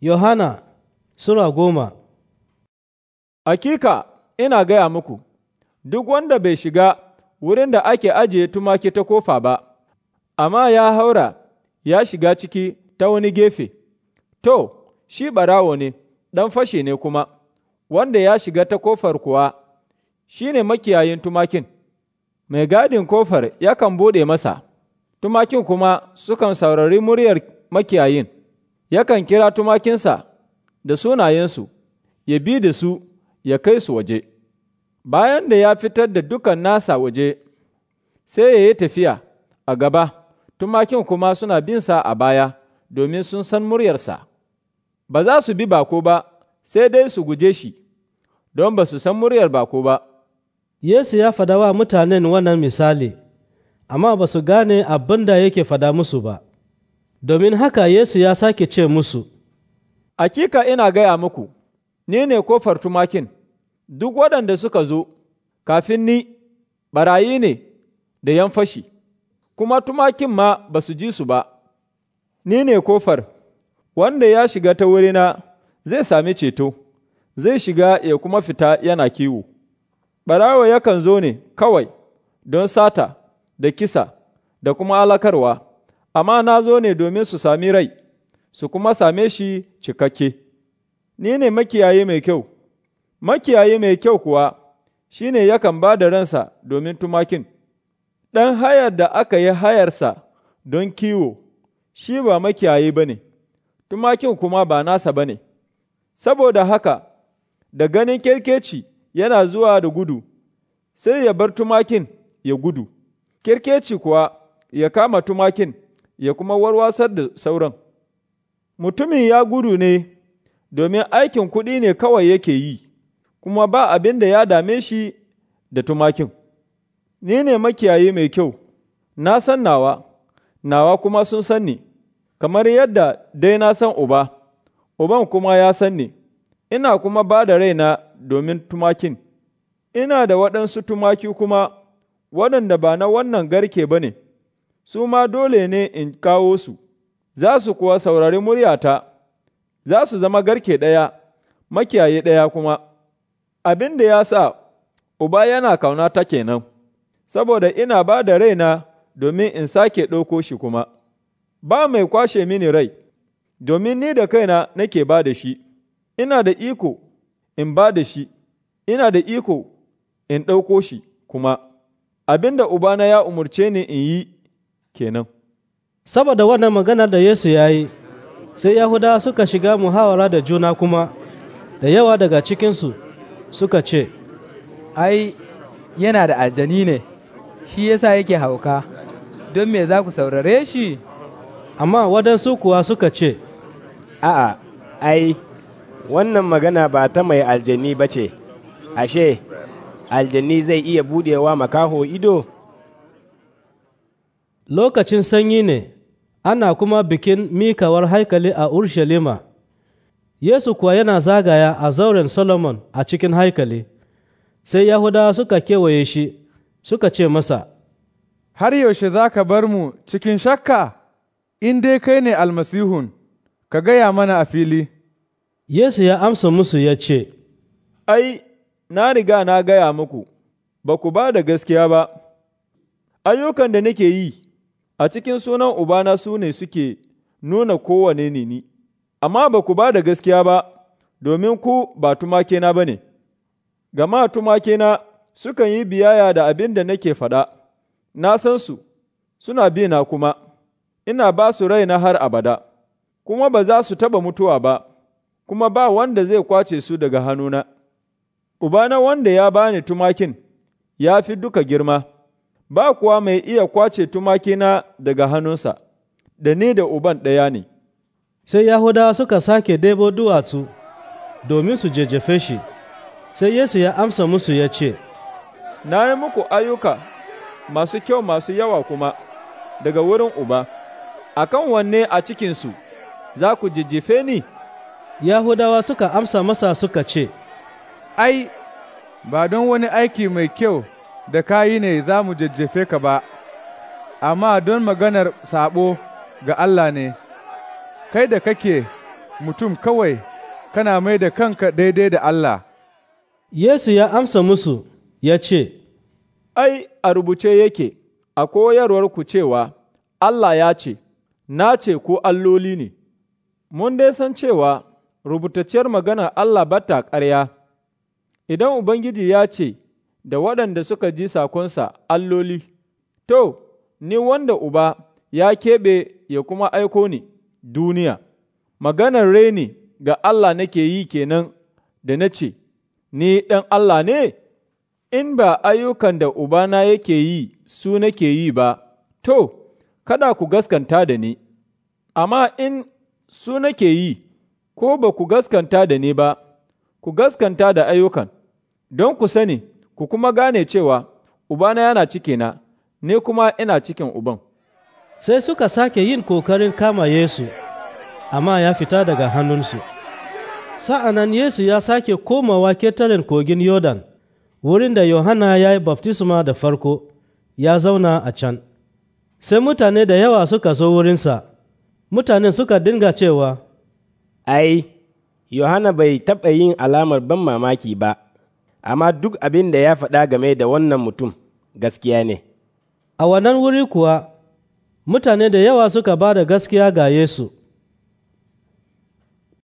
Yohana Sura goma Akika ina gaya muku, duk wanda bai shiga wurin da ake ajiye tumaki ta kofa ba, amma ya haura ya shiga ciki ta wani gefe, to, shi ɓarawo ne, ɗan fashe ne kuma, wanda ya shiga ta kofar kuwa, shi ne makiyayin tumakin, mai gadin kofar yakan buɗe masa, tumakin kuma sukan saurari muryar makiyayin. yakan kira tumakinsa da sunayensu, ya bi da su, ya kai su waje. Bayan da ya fitar da dukan nasa waje, sai ya yi tafiya a gaba, tumakin kuma suna binsa a baya, domin sun san muryarsa. Ba za su bi bako ba, sai dai su guje shi, don ba su san muryar bako ba. Yesu ya fada wa mutanen wannan misali, amma ba su gane abin da yake fada musu ba. domin haka Yesu ya sake ce musu, Akika ina gaya muku, ni ne kofar tumakin, duk waɗanda suka zo, kafin ni, barayi ne da yan fashi, kuma tumakin ma ba su ji su ba, ni ne kofar, wanda ya shiga ta wurina zai sami ceto, zai shiga ya kuma fita yana kiwo. Barawa yakan zo ne kawai don sata da kisa da kuma alakarwa. amma na zo ne domin su sami rai, su kuma same shi cikakke. Ni ne makiyayi mai kyau, makiyayi mai kyau kuwa shi ne yakan ba da ransa domin tumakin, ɗan hayar da aka yi hayarsa don kiwo, shi ba makiyayi ba ne, tumakin kuma ba nasa ba ne, saboda haka, da ganin kirkeci yana zuwa da gudu, sai ya bar tumakin ya gudu, kirkeci kuwa ya kama tumakin. ya kuma warwasar da sauran. Mutumin ya gudu ne domin aikin kuɗi ne kawai yake yi, kuma ba abin da ya dame shi da tumakin. Ni ne makiyayi mai kyau, na san nawa, nawa kuma sun san ni, kamar yadda dai na san uba, uban kuma ya san ni, ina kuma ba da raina domin tumakin. Ina da waɗansu tumaki kuma waɗanda ba na wannan garke ba ne. su ma dole ne in kawo su, za su kuwa saurari muryata, za su zama garke ɗaya, makiyaye ɗaya kuma, abin da ya sa Uba yana ta kenan, saboda ina ba da raina domin in sake ɗauko shi kuma, ba mai kwashe mini rai, domin ni da kaina nake ba da shi, ina da iko in ba da shi, ina da iko in ɗauko shi kuma, abin da Ubana ya umarce ni in yi. kenan saboda wannan maganar da yesu ya yi sai yahudawa suka shiga muhawara da juna kuma da yawa daga cikinsu suka ce ai yana da aljani ne shi yasa yake hauka don me za ku saurare shi amma waɗansu kuwa suka ce a'a ai wannan magana ba ta mai aljani ba ce ashe aljani zai iya budewa makaho ido lokacin sanyi ne, ana kuma bikin mikawar haikali a Urshalima, Yesu kuwa yana zagaya a zauren Solomon a cikin haikali, sai Yahudawa suka kewaye shi suka ce masa, Har yaushe za ka bar mu cikin shakka, in dai kai ne almasihun, ka gaya mana a fili. Yesu ya amsa musu ya ce, Ai, na riga na gaya muku, ba ku ba da gaskiya ba, ayyukan da nake yi. a cikin sunan Ubana su ne suke nuna kowane ne ni, amma ba ku ba da gaskiya ba, domin ku ba tumakena ba ne, gama tumakena sukan yi biyaya da abin da nake faɗa, na san su, suna bi kuma, ina ba su na har abada, kuma ba za su taɓa mutuwa ba, kuma ba wanda zai kwace su daga hannuna. Ubana wanda ya bani tumakin, ya fi duka girma. ba kuwa mai iya kwace tumakina daga hannunsa, da ni da uban ɗaya ne. Sai Yahudawa suka sake debo duwatsu domin su jejjefe shi, sai Yesu ya amsa musu ya ce, Na yi muku ayyuka masu kyau masu yawa kuma daga wurin uba, akan wanne a cikinsu za ku jejjefe ni? Yahudawa suka amsa masa suka ce, Ai, ba don wani aiki mai kyau da ka yi ne za mu jajjefe ka ba, amma don maganar saɓo ga Allah ne, kai da kake mutum kawai kana mai da kanka daidai da Allah. Yesu ya amsa musu ya ce, Ai, a rubuce yake, a koyarwar ku cewa Allah ya ce, Na ce ko alloli ne, mun dai san cewa rubutacciyar maganar Allah bata ƙarya, idan Ubangiji ya ce, da waɗanda suka ji sakonsa alloli, to, ni wanda Uba ya keɓe ya kuma aiko ni duniya, maganar reni ga Allah nake yi kenan da na ce, Ni ɗan Allah ne, in ba ayyukan da Ubana yake yi su nake yi ba, to, kada ku gaskanta da ni, amma in su nake yi, ko ba ku gaskanta da ni ba, ku gaskanta da ayyukan, don ku sani. ku kuma gane cewa Ubana yana cikina, ne kuma ina cikin Uban. Sai suka sake yin kokarin kama Yesu, amma ya fita daga hannunsu. Sa'anan Yesu ya sake komawa ketaren kogin Yodan, wurin da Yohana ya yi baftisma da farko, ya zauna a can. Sai mutane da yawa suka zo wurinsa, mutanen suka dinga cewa, Ai, Yohana bai taɓa yin alamar ban mamaki ba. amma duk abin da ya faɗa game da wannan mutum gaskiya ne. A wannan wuri kuwa, mutane da yawa suka ba da gaskiya ga Yesu.